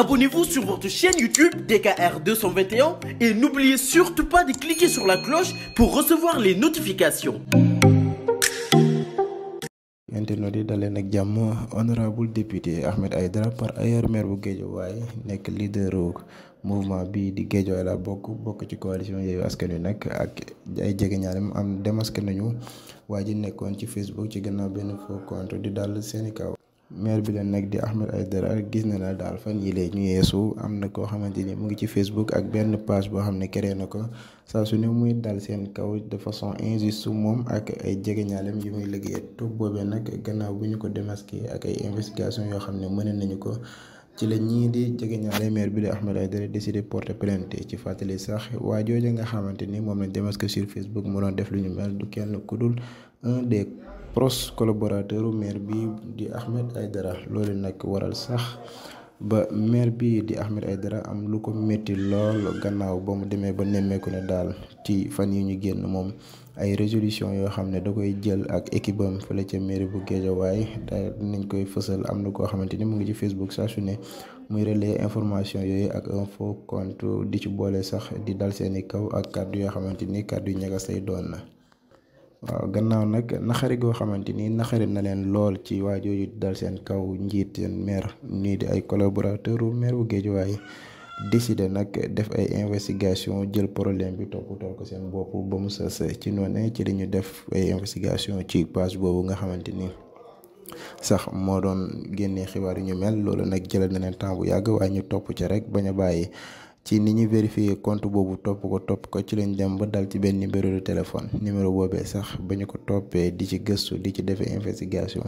Abonnez-vous sur votre chaîne YouTube DKR 221 et n'oubliez surtout pas de cliquer sur la cloche pour recevoir les notifications. internet yi daleen ak jàmm honorable député Ahmed Aïdara par ailleurs maire bu Guédiawaye nekk leader mouvement bi di Guédiawaye la bokk bokk ci coalition Yewwi Askan Wi nag ak ay jegeñaaleem am démasqué nañu waa ji nekkoon ci Facebook ci gannaaw benn faux compte di dall seeni kaw maire bi leen nag di Ahmed Aïdara gis na la daal fan yii léegi ñu yeesu am na koo xamante ni mu ngi ci Facebook ak benn page boo xam ne kere na ko sax su ne muy dal seen kaw de façon injuste moom ak ay jegeñaaleem yu muy liggéey toog boobee nag gannaaw bu ñu ko démasqué ak ay investigation yoo xam ne mëne nañu ko ci la ñii di jege jegeñaale maire bi di Ahmed Aïdara décidé porter plainte ci fàttali sax waa jooju nga xamante ni moom lañ démasqué sur Facebook mu def lu mel du kenn ku dul un des proche collaborateur maire bi di Ahmed Aidara loolu nag waral sax ba maire bi di Ahmed Aidara am lu ko métti lool gannaaw ba mu demee ba nemmeeku ne daal ci fan yi ñu génn moom ay résolution yoo xam ne da koy jël ak équipe am fële ca mairie bu Guédiawaye daal nañ koy fësal am na koo xamante ni mu ngi ci Facebook saa su ne muy relayer information yooyu ak un kont di ci boole sax di dal seeni kaw ak kàddu yoo xamante ni kàddu yu ñagas lay doon na. waaw gannaaw nag naxari goo xamante ni naxari na leen lool ci waa yi dal seen kaw njiit seen maire nii di ay collaborateur u maire bu Guédiawaye décidé nag def ay investigation jël problème bi toppatoo ko seen bopp ba mu sës ci noonu ci dañu def ay investigation ci page boobu nga xamante ni sax moo doon génnee xibaar yu ñu mel loolu nag jëlal na leen temps bu yàgg waaye ñu topp ci rek bañ a bàyyi ci ni ñu vérifier compte boobu topp ko topp ko ci leen dem ba dal ci benn numéro de téléphone numéro boobee sax ba ñu ko toppee di ci gëstu di ci defee investigation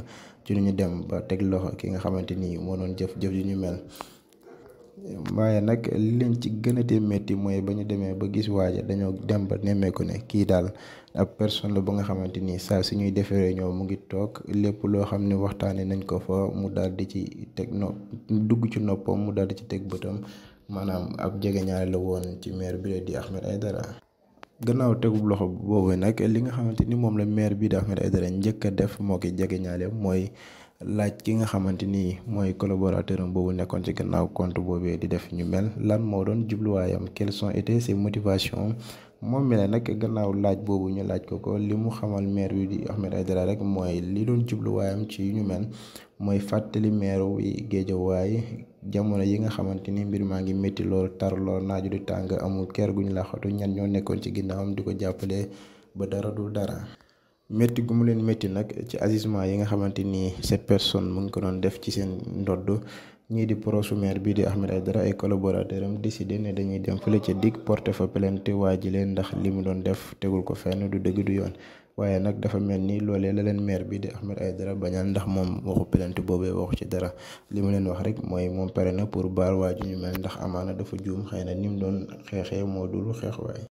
ci ñu dem ba teg loxo ki nga xamante ni moo doon jëf jëf yu ñu mel. waaye nag ci gën a métti mooy ba ñu demee ba gis waaja dañoo dem ba nemmeeku ne kii daal ab personne la ba nga xamante ni saa su ñuy defee réunion mu ngi toog lépp loo xam ne waxtaanee nañ ko fa mu daal di ci teg no dugg ci noppam mu daal di ci teg bëtam. maanaam ab jege jegeñaale la woon ci maire bi di ay dara gannaaw tegub loxo boobu nag li nga xamante ni moom la maire bi di Ahmed Aidara njëkk a def moo ki jegeñaale mooy laaj ki nga xamante ni mooy collaborateur am boobu nekkoon ci gannaaw compte boobee di def ñu mel lan moo doon jubluwaayam quelles sont été ses motivations. moom mi ne nag gannaaw laaj boobu ñu laaj ko ko li mu xamal maire wi di Ahmed dara rek mooy li doon jubluwaayam ci ñu mel mooy fàttali maire wi Géejawaay jamono yi nga xamante ni mbir maa ngi métti lool tar lool naaju di tàng amul kër gu ñu laaxatu ñan ñoo nekkoon ci ginnaawam di ko jàppale ba dara dul dara. métti gu mu leen métti nag ci agissement yi nga xamante ni cette personne mu ngi ko doon def ci seen ndodd ñii di proche maire bii di Ahmed dara ay collaborateur am décidé ne dañuy dem fële ca dig porté fa plainte waa ji leen ndax li mu doon def tegul ko fenn du dëgg du yoon waaye nag dafa mel ni loole la leen maire bi di ay dara bañal ndax moom waxu plainte boobee waxu ci dara li mu leen wax rek mooy moom pare na pour baal waa ji ñu mel ndax amaana dafa juum xëy na ni mu doon xeexee moo dul xeex waaye